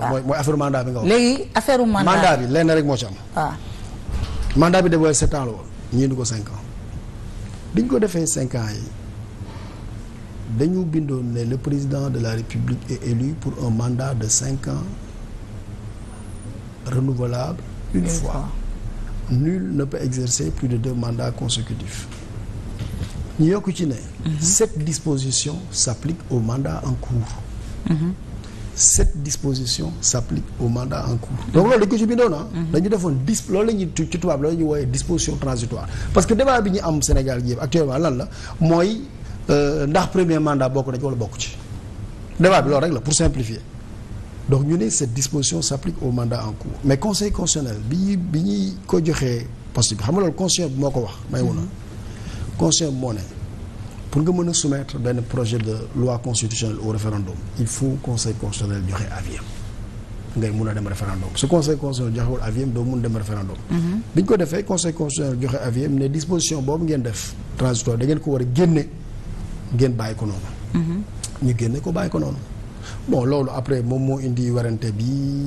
mooy mooy affaire mandat bi nga wax. léegi affaire mandat mandat bi lenn rek moo ci am. mandat bi dafay sept ans la woon ko cinq ans bi ko defee cinq ans yi dañu bindoon ne le président de la république et élu pour un mandat de cinq ans renouvelable une, une fois. fois nul ne peut exercer plus de deux mandats consécutifs ñu yokk ci ne. Mm-hmm. cette disposition s'applique au mandat en cours. Mm-hmm. cette disposition s'applique au mandat en cours donc loolu dañ ko ci bindoon ah. mhm. dañu defoon dis loolu la ñuy ci tubaab loolu la ñuy wooyee disposition transitoire parce que débat bi ñu am Sénégal gi yëpp actuellement lan la mooy euh, ndax première mandat bokk na ci wala bokk ci débat bi loolu rek la pour simplifier donc ñu ne cette disposition s'applique au mandat en cours mais conseil constitutionnel bi bi ñuy ko joxee poste bi xam nga loolu constitution bi moo ko wax may wona constitution mhm. conse moo ne pour nga mën a soumettre benn projet de loi constitutionnelle au référendum il faut conseil constitutionnel joxe avis ngay mun a dem référendum su conseil constitutionnel joxewul avis doo mun dem référendum. Mhm. bi ñu ko defee conseil constitutionnel joxe avis ne disposition boobu ngeen def transitoire da ngeen ko war a génne ngeen bàyyi ko noonu. Mhm. ñu génne ko bàyyi ko noonu. bon loolu après moom moo indi warante bi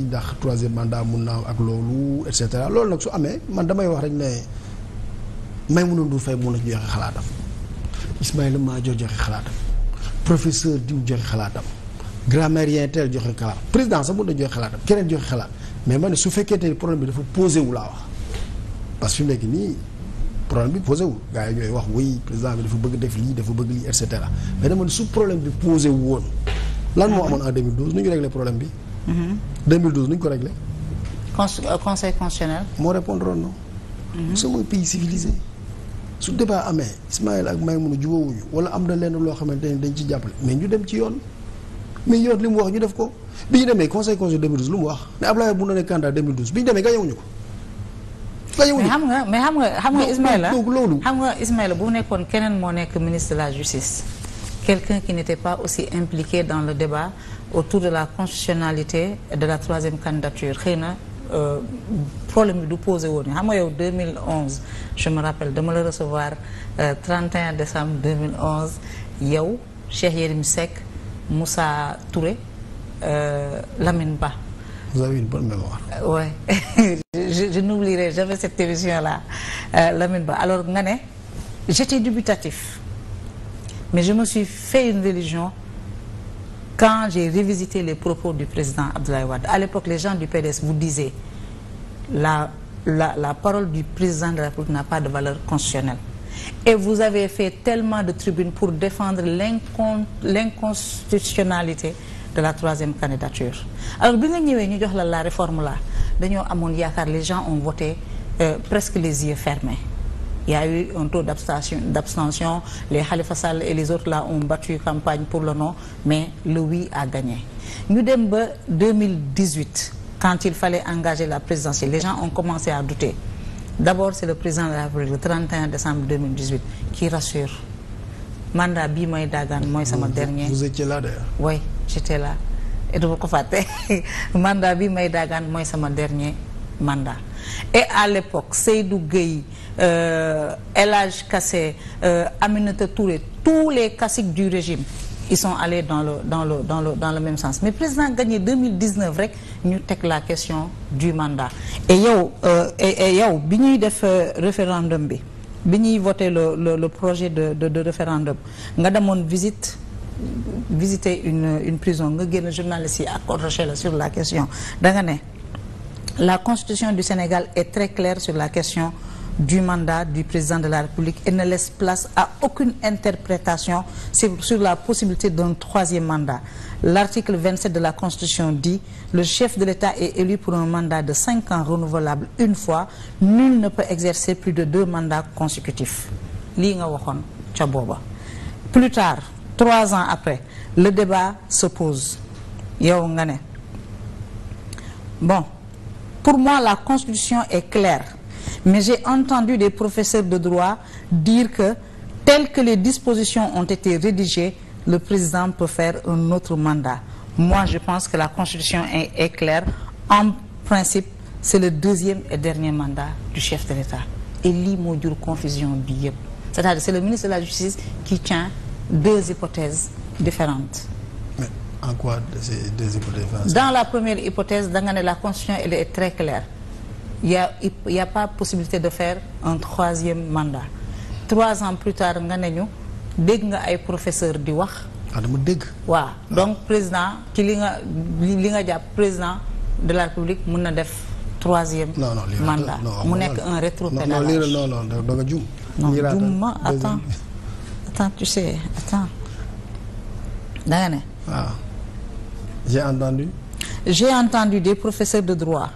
ndax troisième mandat mun naa ak loolu et cetera loolu nag su amee man damay wax rek ne may mun a du fay mun Ismaïla Madior joxe xalaatam professeur diw joxe xalaatam grammairien tel joxe xalaat président sax mun na joxe xalaatam keneen joxe xalaat mais ma ne su fekkee te problème bi dafa posé wu laa wax parce que fi mu nii problème bi posé wu gars ñooy wax oui président bi dafa bëgg def lii dafa bëgg lii et cetera mais dama ne su problème bi posé wu woon lan moo amoon en 2012 nu ñu réglé problème bi. 2012 mm-hmm. nu ñu ko réglé. Euh, conseil constitutionnel. moo répondre non. moo sommes mm-hmm. su débat amee Ismaël ak Maïmouna jubóowuñu wala am na lenn loo xamante ne dañ ci jàppale mais ñu dem ci yoon mais yoon li mu wax ñu def ko bi ñu demee conseil constitutionnel 2012 lu mu wax ne Abdoulaye bu na ne candidat 2012 bi ñu demee gañewuñu ko mais xam nga mais xam nga xam nga Ismaïla ah, loolu xam nga Ismaïla bu nekkoon keneen moo nekk ministre de la justice quelqu'un qui n'était pas aussi impliqué dans le débat autour de la constitutionnalité de la troisième candidature xëy na Euh, problème bi du posé woon xam nga yow 2011 je me rappelle dama la recevoir 31 euh, décembre 2011 yow Cheikh Yérim Seck Moussa Touré euh, Lamine Ba. vous avez une bonne mémoire. ouais je n'oublierai jamais cette émission là Lamine Ba alors nga ne j'étais dubitatif mais je me suis fait une religion. quand j'ai revisité les propos du président Abdoulaye Wade, à l'époque, les gens du PDS vous disaient la, la, la parole du président de la République n'a pas de valeur constitutionnelle. Et vous avez fait tellement de tribunes pour défendre l'inconstitutionnalité de la troisième candidature. Alors, quand nous avons la réforme là, les gens ont voté euh, presque les yeux fermés. yaa y a eu un taux d'abstention. Les Khalifa Sall et les autres là ont battu campagne pour le non, mais le oui a gagné. Nous 2018, quand il fallait engager la présidentielle, les gens ont commencé à douter. D'abord, c'est le président de la République, le 31 décembre 2018, qui rassure. Mandat bi moi dagan, moi c'est mon dernier. Vous étiez là d'ailleurs Oui, j'étais là. Et de bi moi dagan, moi c'est mon dernier mandat. e à l'époque Seydou Gueye euh, El Hadj Kassé euh, Aminata Touré tous les caciques du régime ils sont allés dans le dans le dans le dans le même sens mais président gagné 2019 rek ñu teg la question du mandat et yow euh, yow bi ñuy def euh, référendum bi bi ñuy voté le, le projet de de, de référendum nga demoon visite visiter une une prison nga génn journaliste yi accroché la sur la question da La constitution du Sénégal est très la question du mandat du président de la et ne laisse place à aucune interprétation sur la possibilité d'un troisième mandat. L'article 27 de la Constitution dit « Le chef de l'État est élu de 5 ans une fois. Nul ne peut exercer de deux mandats consécutifs. » lii nga waxoon ca booba. Plus trois ans après, le débat se pose. yow nga ne Pour moi, la Constitution est claire. Mais j'ai entendu des professeurs de droit dire que, telles que les dispositions ont été rédigées, le président peut faire un autre mandat. Moi, je pense que la Constitution est, est claire. En principe, c'est le deuxième et dernier mandat du chef de l'État. Et lii moo jur confusion bi yëpp. C'est-à-dire c'est le ministre de la Justice qui tient deux hypothèses différentes. en quoi dans la première hypothèse da nga ne la constitution elle est très claire il y pas possibilité de faire un troisième mandat trois ans plus tard nga ne ñu dégg nga ay professeur di wax. ah dama dégg. waaw donc président ci li nga li nga jàpp président de la république mun na def troisième. non non mandat mu nekk un rétropédalage. non non non danga jum. jum ma attends attends tu sais attends danga ne. waaw. Ah. J'ai entendu. J'ai entendu des professeurs de droit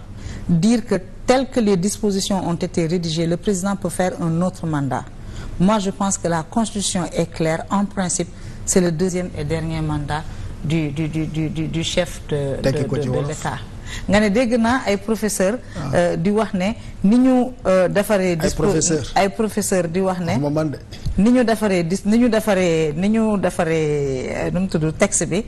dire que telles que les dispositions ont été rédigées, le président peut faire un autre mandat. Moi, je pense que la Constitution est claire. En principe, c'est le deuxième et dernier mandat du, du, du, du, du chef de, de, de, de l'État. nga ne dégg na ay professeur ah. euh, di wax ne ni ñu euh, defaree ay professeur di wax ne ni ñu defaree dis ni ñu defaree ni ñu defaree euh, nu mu tudd texte bi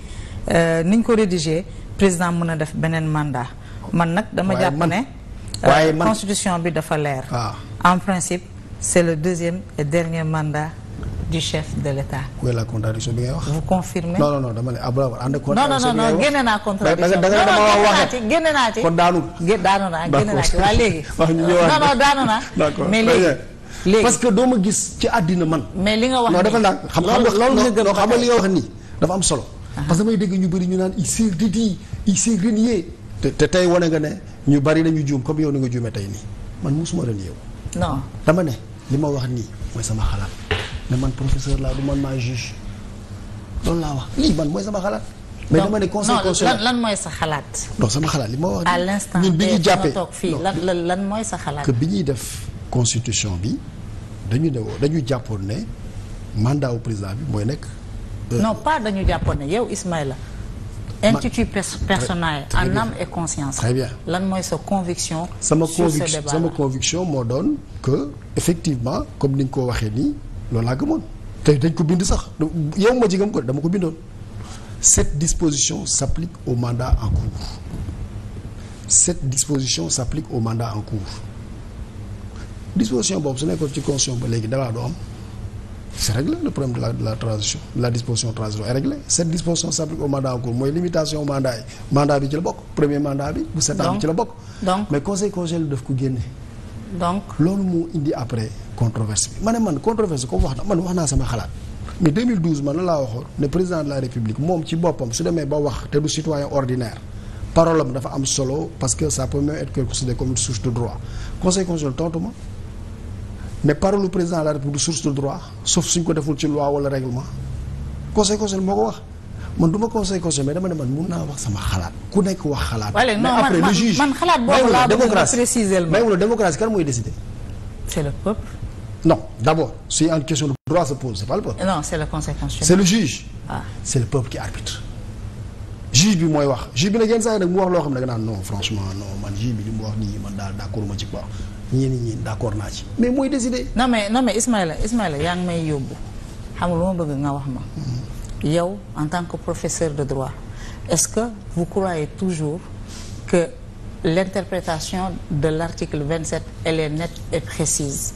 Euh, niñ ko rédigé président mën a def beneen mandat man nag dama jàpp ne euh, waaye man constitution bi dafa leer ah. en principe c'est le deuxième et dernier mandat du chef de l'État. Où est la contradiction bi ngay wax. vous confirmez non non dama ne Abdoulaye ah, ànd contradiction bi non naa contradiction da wax génne naa ci kon daanu. gé daanu naa léegi. wax ñu ñëwaat non mais léegi. léegi parce que doo ma gis ci àddina man. mais li nga wax nii dafa naan xam nga loolu nga gën xam nga nii dafa am solo. parce que damay dégg ñu bëri ñu naan il di di il s'est te te tey wane nga ne ñu bari nañu juum comme yow ni nga juumee tey nii man mosuma renié wu. non dama ne li ma wax nii mooy sama xalaat ne man professeur laa du man maa juge loolu laa wax lii man mooy sama xalaat. mais dama ne conseil constitutionnel lan mooy sa xalaat. non sama xalaat li ma wax. à l'instant ñun bi ñu jàppee lan lan mooy sa xalaat. que bi ñuy def constitution bi dañu ne dañu jàppoon ne mandat wu président bi mooy nekk. Euh. non pas dañu jàppoon ne yow Ismaïla intitut personnel en âme et conscience très bien lan mooy sa conviction sama conviction sama conviction moo doon que effectivement comme ni nga ko waxee nii loolu laa gëmoon te dañ ko bind sax yow ma jigam ko dama ko bindoon cette disposition s'applique au mandat en cours cette disposition s'applique au mandat en cours disposition boobu su nekkoon ci constitution ba léegi dara du am c'est réglé le problème de la de la transition de la disposition transitoire est réglée cette disposition s'applique au mandat en mooy limitation mandat yi mandat bi ci la bokk premier mandat bi. bu ci la bokk. donc mais conseil ko loolu moo indi après controverse bi ma ne comme wax na man wax naa sama xalaat. mais 2012 man la laa waxoon ne président de la république moom ci boppam su demee ba wax te du citoyen ordinaire parole am dafa am solo parce que sa peut même être considéré comme une de droit conseil constitutionnel tontu mais parole du président de la république source de droit sauf suñ ko deful ci loi wala règlement conseil constitutionnel moo ko wax man du ma conseil constitutionnel mais dama ne man mun naa wax sama xalaat ku nekk wax xalaat. mais après le juge man xalaat boobu laa bëgg nga préciser ma la démocratie kan mooy décider. c'est le peuple. non d'abord c'est une question de droit se pose c'est pas le peuple. non c'est le conseil constitutionnel. c'est le juge. ah c'est le peuple qui arbitre. juge bi mooy wax juge bi nag yenn saa yi nag mu wax loo xam ne da nga naan non franchement non man juge bi li mu wax nii man daal d'accord ma ci quoi. ñii ni ñii d'accord naa ci mais mooy décider. non mais non mais Ismaïla yaa ngi may yóbbu xam lu ma bëgg nga wax ma. Mm-hmm. yow en tant que professeur de droit est-ce que vous croyez toujours que l'interprétation de l'article 27 elle est nette et précise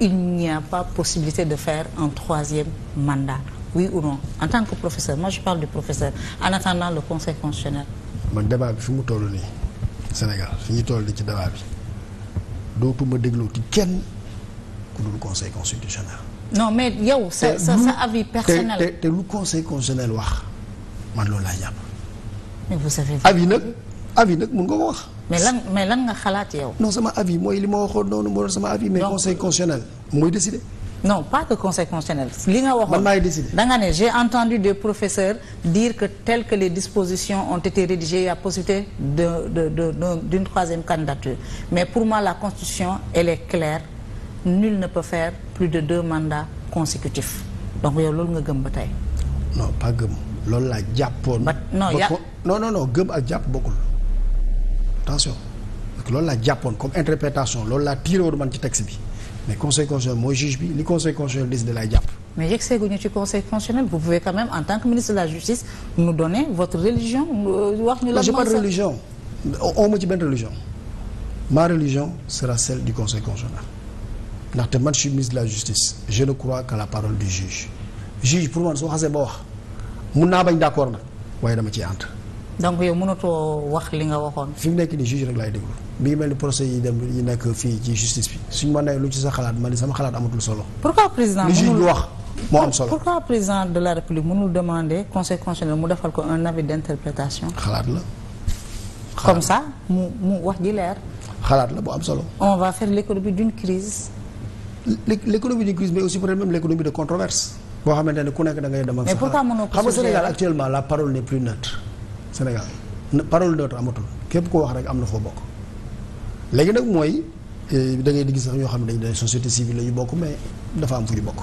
il n'y a pas possibilité de faire un troisième mandat oui ou non en tant que professeur moi je parle du professeur en attendant le conseil constitutionnel. man débat bi fi mu toll nii Sénégal fi ñu toll nii ci débat dootuma déglooti kenn ku dul conseil constitutionnel. non mais yow. sa sa sa avis personnel te te lu conseil constitutionnel wax man loolu laa jàpp. mais vous savez. avis nag avis nag mun nga ko wax. mais lan mais lan nga xalaat yow. non sama avis mooy li ma waxoon noonu moo doon sama avis. mais conseil constitutionnel mooy décider. non pas que conseil li nga wax man maay décidé da nga ne j'ai entendu des professeurs dire que telles que les dispositions ont été rédigées il y possibilité de de de d'une troisième candidature mais pour moi la constitution elle est claire nul ne peut faire plus de deux mandats consécutifs donc yow loolu nga gëm ba tey. non pas gëm loolu laa jàppoon. non ya non non non gëm ak jàpp bokkul attention loolu laa jàppoon comme interprétation loolu laa tiré woon man ci texte bi. mais conseil constitutionnel mooy juge bi li conseil constitutionnel décide lay jàpp. mais yegg seeguñu ci conseil constitutionnel vous pouvez quand même en tant que ministre de la justice nous donner euh, wax ñu la. j'ai pas de religion on ma ci benn religion. ma religion sera celle du conseil constitutionnel ndaxte man je ministre de la justice je ne crois que la parole du juge juge pour man soo xasee ba wax mun naa bañ d'accord na waaye dama ci ànd. donc yow mënatoo wax li nga waxoon. fi mu nekk nii juge rek laay déglu mi ngi mel ni procès yi dem yi nekk fii ci justice bi suñu ma nee lu ci sa xalaat ma ni sama xalaat amatul solo. pourquoi président li juge wax moo am solo. pourquoi président de la république mënul demander conseil mu defal ko un avis d' interprétation. xalaat la. comme ça mu mu wax ji leer. xalaat la bu am solo. on va faire l' économie crise. l' économie crise mais aussi peut-être même de controverse boo xamante ne ku nekk xam nga Sénégal actuellement la parole n' Sénégal parole d'autre amatul képp koo wax rek am na foo bokk léegi nag mooy eh, da ngay di sax ñoo xam ne dañ société civile la ñu bokk mais dafa am fu ñu bokk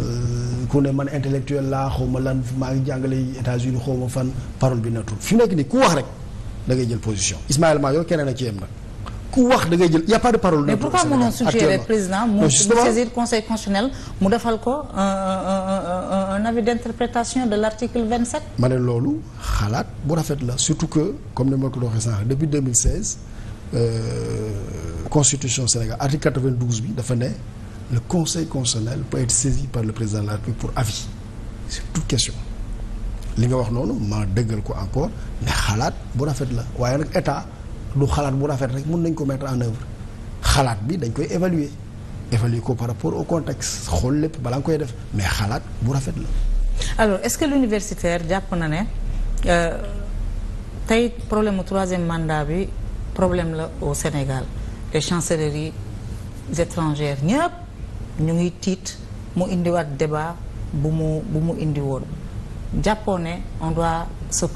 euh, ku ne man intellectuel laa xaw ma lan maa ngi jàngale États-Unis xaw ma fan parole bi natul fi nekk nii ku wax rek da ngay jël position Ismaïla Madior keneen a ci em nag ku wax da ngay jël y' a pas de parole. mais pourquoi mënoo suggérer président mu defal ko un avis d' interprétation de l' article 27. ma ne loolu xalaat bu rafet la surtout que comme ni ma ko waxee sànq depuis 2016 euh, constitution Sénégal article 92 bi dafa ne le conseil constitutionnel peut être saisi par le président de la République pour avis sur toute question. li nga wax noonu ma dëggal ko encore ne xalaat bu rafet la waaye nag état. lu xalaat bu rafet rek mun nañ ko mettre en œuvre xalaat bi dañ koy évaluer évaluer ko par rapport au contexte xool lépp balaa nga koy def mais xalaat bu rafet la. alors est-ce que l'universitaire jàpp na ne euh, tey problème mu troisième mandat bi problème la au Sénégal les chancelleries étrangères ñëpp ñu ngi tiit mu indiwaat débat bu mu bu indi woon jàppoo ne on doit se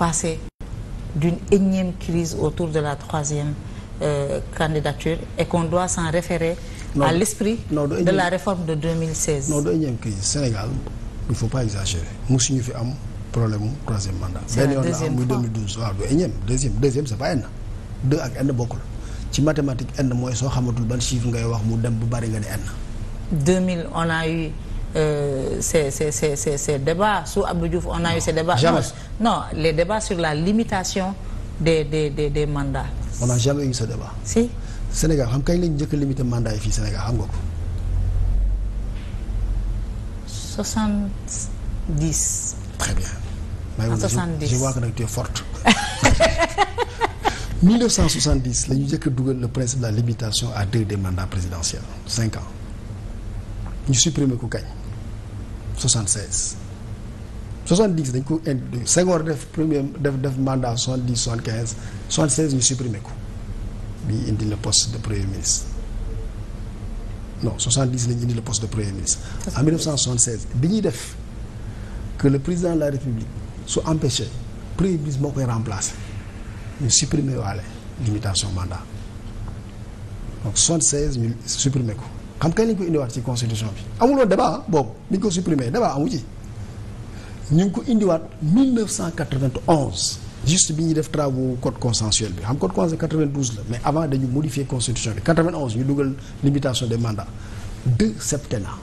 d'une énième crise autour de la troisième euh, candidature et qu'on doit s'en référer non, à l'esprit de, de la de de énième crise. Sénégal, il ne faut pas exagérer. Moussi fi am problème mu troisième mandat. C'est la deuxième fois. 2012 waaw du énième deuxième deuxième c'est pas N. deux ak N bokkul ci mathématique N mooy soo xamatul ban chiffre ngay wax mu dem bu bari nga ne N. euh, ces, ces, ces, ces, débats. Sous Abdou Diouf, on a non, eu ces débats. Non, non, les débats sur la limitation de de des, des mandats. On n'a jamais eu ce débat. Si. Sénégal, xam kañ lañ njëkk a limité mandat yi fii Sénégal xam nga ko. 70. Très bien. Maï en 70 je vois que nag la ñu njëkk a le principe de la limitation à deux des mandats présidentiels cinq ans ñu supprimer ku kañ. 76 70 dañ ko indi Senghor def premier def def mandat 70 75 76 ñu supprimer ko bi indi le post de premier ministre non 70 la ñu indi le poste de premier ministre. en 1976 bi ñuy def que le président de la république su empêché premier ministre moo koy remplacer ñu supprimer waale limitation mandat donc 76 ñu supprimer ko. xam kañ lañ ko indiwaat ci constitution bi amuloon débat boobu ni ñu ko supprimer débat amu ci ñu ngi ko indiwaat 1991 juste bi ñuy def travaux code consensuel bi xam code consensuel 92 la mais avant dañu modifier constitution bi 91 ñu dugal limitation des mandats deux septennats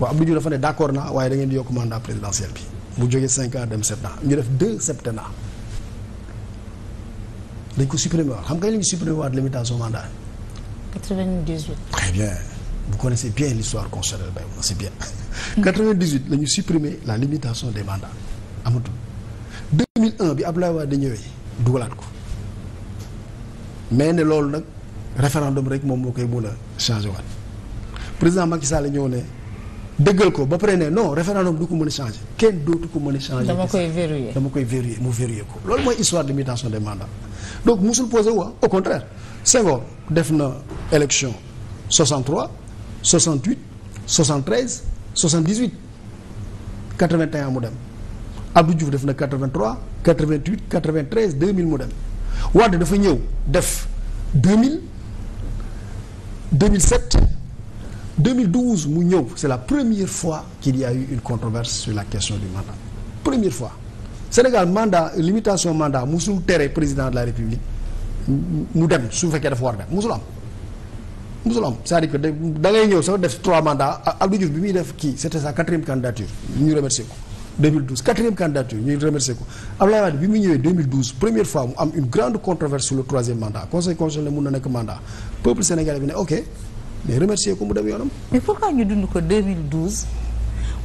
waaw Abdou Diouf dafa ne d'accord naa waaye da ngeen di yokk mandat présidentiel bi mu jógee 5 ans dem 7 ans ñu def deux septennats dañ ko supprimer waat xam kañ la ñuy supprimer waat limitation mandat 98. très bien vous connaissez bien l'histoire constitutionnelle bay moom c'est bien. 98 la ñu supprimer la limitation des mandats amatul. 2001 bi Abdoulaye Wade ñëwee dugalaat ko mais ne loolu nag référendum rek moom moo koy mun a changé waat président Macky Sall ñëw ne dëggal ko ba pare ne non référendum du ko mën a changé kenn dootu ko mën a dama koy verrouiller dama mu verrouiller ko. loolu mooy histoire de limitation des mandats donc musul posé wu au contraire. Senghor def na élection 63 68 73 78 81 mu dem Abdou Diouf def na 83 88 93 2000 mu dem Wade dafa ñëw def 2000 2007 2012 mu ñëw c'est la première fois qu'il y a eu une controverse sur la question du mandat première fois Sénégal mandat limitation mandat musul tere président de la République mu dem su fekkee dafa war dem musul am musul am c'est-à-dire que da ñëw sax def trois mandats Abdou Diouf bi muy def kii c'était sa quatrième candidature ñu remercier ko 2012 quatrième candidature ñu remercier ko Abdoulaye Wade bi mu ñëwee 2012 première fois mu am une grande controverse sur le troisième mandat conseil constitutionnel mun na nekk mandat peuple sénégalais bi ne ok mais remercier ko mu dem yoonam. mais pourquoi ñu dund ko 2012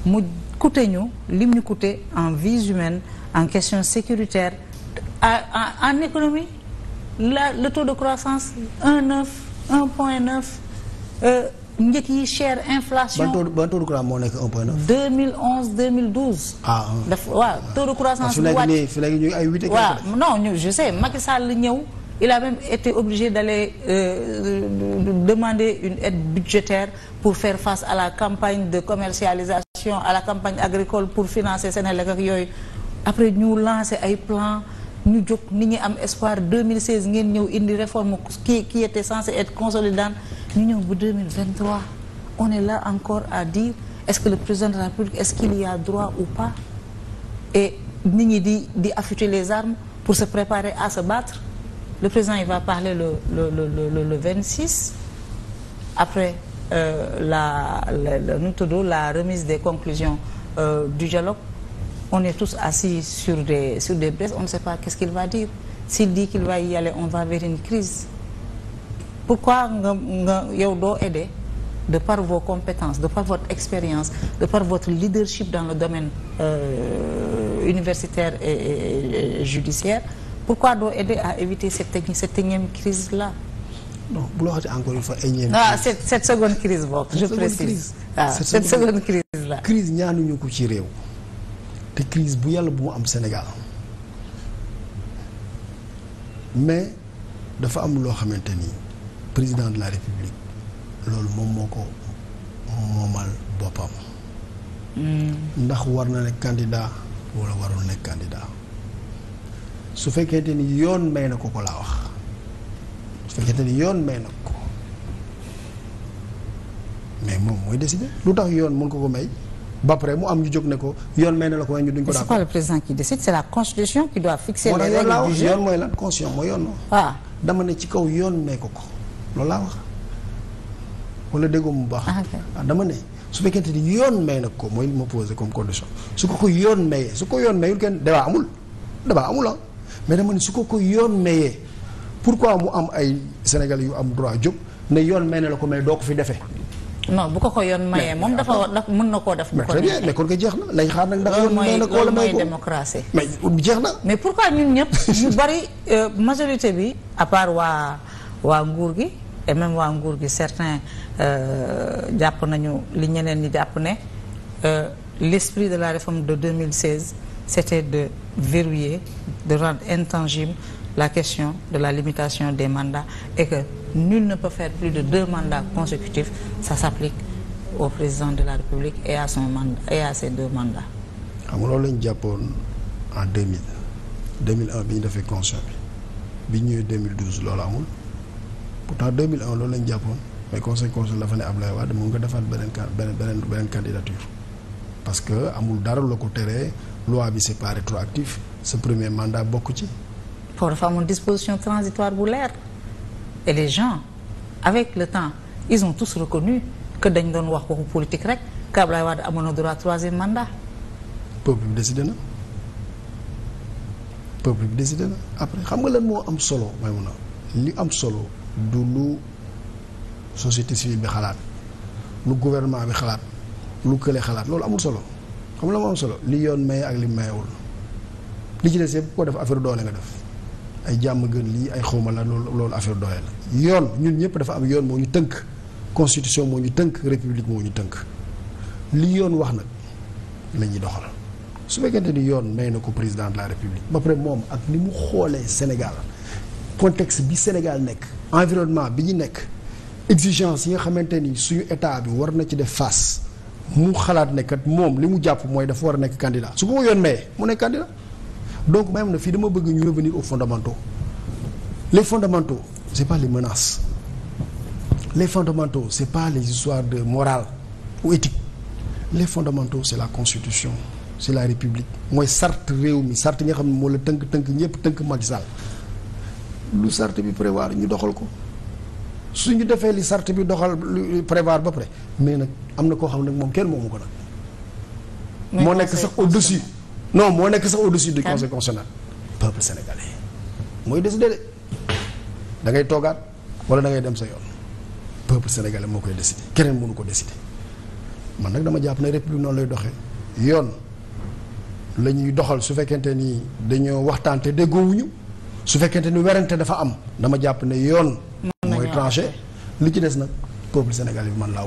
mu coûté ñu lim ñu coûté en vies en la le taux de croissance un neuf un point neuf euh, njëkk yi cher inflation. ban taux ban de croissance moo nekk un point neuf. deux mille onze deux mille douze. ah dafa de croissance. bu wàcc fi léegi ñu ay huit waaw non ñu je sais Macky Sall ñëw a même été obligé d'aller euh, demander une aide budgétaire pour faire face à la campagne de commercialisation à la campagne agricole pour financer Sénélec ak yooyu après ñu lancer ay plan ñu jóg nit ñi am espoir 2016 ngeen ñëw indi réforme qui qui était censée être consolidante ñu ñëw bu 2023 on est là encore à dire est-ce que le président de la République pas et ñi di di affûter armes pour se préparer à se le président il va le le le le le 26 après euh, la la tudd la remise des conclusions euh, du dialogue on est tous assis sur des sur des braises on ne sait pas qu'est-ce qu'il va dire s'il dit qu'il va y aller on va vers une crise pourquoi nga nga yow doo aider de par vos compétences de par votre expérience de par votre leadership dans le domaine euh, universitaire et, et, et judiciaire pourquoi doo aider à éviter cette cette énième crise là. non bu la waxee encore une fois énième. ah cette cette seconde crise boobu. je précise ah cette seconde crise là. crise ñaanuñu ko ci réew. te crise bu yàlla bu mu am Sénégal mais dafa am loo xamante ni président de la république loolu moom moo ko moomal boppam. Hmm. ndax war na ne candidat wala warul nekk candidat su fekkente ni yoon may na ko ko laa wax su fekkente ni yoon may na ko mais moom mooy décider lu tax yoon mën ko ko may. ba pare mu am ñu jóg ne ko yoon may na la ko waaye ñu duñ ko. d'accord c'est pas le président qui décide c'est la constitution qui doit fixer les règles du jeu yoon mooy lan constitution mooy yoon waaw ah. dama ne ci kaw yoon may ko ko loolu laa wax wala déggoo mu baax. Ah, ah, dama ne su fekkente ni yoon may na ko mooy li ma posé comme condition su ko ko yoon mayee su ko yoon mayul kenn débat amul débat amul ah mais dama ne su ko ko yoon mayee pourquoi mu am ay Sénégalais yu am droit jóg ne yoon may na la ko mais doo ko fi defee. non bu ko ko yoon mayee moom dafa war mën na koo def. bu ko neexee mais kon ko jeex na lay xaar nag ndax yoon may na may na. mais pourquoi ñun ñëpp ñu bari euh, majorité bi à part waa nguur gi et même waa nguur gi certains euh, jàpp nañu li ñeneen ñi jàpp ne euh, l'esprit de la réforme de 2016 c'était de verrouiller de rendre intangible la question de la limitation des mandats et nul ne peut faire plus de deux mandats consécutifs ça s'applique au président de la République et à son mandat et à ses deux mandats. xam nga loolu lañ jàppoon en 2000 2001 bi ñu defee constat bi bi ñu ñëwee 2012 loolu amul pourtant 2001 loolu lañ jàppoon mais conseil conseil dafa ne Ablaye Wade mu nga defaat beneen car beneen beneen candidature. parce que amul dara la ko teree loi bi c'est pas rétroactif sa premier mandat bokk ci. pour dafa amul disposition transitoire bu leer. et les gens avec le temps ils ont tous reconnu que dañ doon wax waxu politique rek que Abdoulaye Wade amoon na droit troisième mandat. peuple bi décidé na peuple bi décidé après xam nga lan moo am solo may mun a li am solo du lu société civile bi xalaat lu gouvernement bi xalaat lu kële xalaat loolu amul solo xam la moo am solo li yoon maye ak li mayewul li ci des yëpp ko def affaire doole nga def. ay jàmm gën lii ay xawma la loolu loolu affaire doxee yoon ñun ñëpp dafa am yoon moo ñu tënk constitution moo ñu tënk république ñu tënk li yoon wax nag la ñuy su fekkente ni yoon may na ko président la république ba pare moom ak ni mu xoolee Sénégal contexte bi Sénégal nekk environnement bi ñu nekk exigence yi nga xamante ni suñu état bi war na ci def fas mu xalaat ne kat moom li mu jàpp mooy dafa war a nekk candidat su ko yoon mayee mu nekk candidat donc maanaam na fii dama bëgg ñu revenir aux fondamentaux les fondamentaux c'est pas les menaces les fondamentaux c'est pas les histoires de morale ou éthique les fondamentaux c'est la constitution c'est la république mooy sart réew mi sart nga xam ne moo la tënk tënk ñëpp tënk Macky Sall lu sart bi prévoir ñu doxal ko su ñu defee li sart bi doxal lu prévoir ba pare mais nag am na koo xam ne nag moom kenn moomu ko nag moo nekk sax au-dessus non moo nekk sa au-dessus du conseil constitutionnel peuple sénégalais mooy décidé de dangay ngay toogaat wala da dem sa yoon peuple sénégalais moo koy décidé keneen mënu ko décidé man nag dama jàpp ne repli noonu lay doxee yoon la ñuy doxal su fekkente ni dañoo waxtaan te déggoowuñu su fekkente ni werante dafa am dama jàpp ne yoon mooy tranché li ci des nag peuple sénégalais bi man laa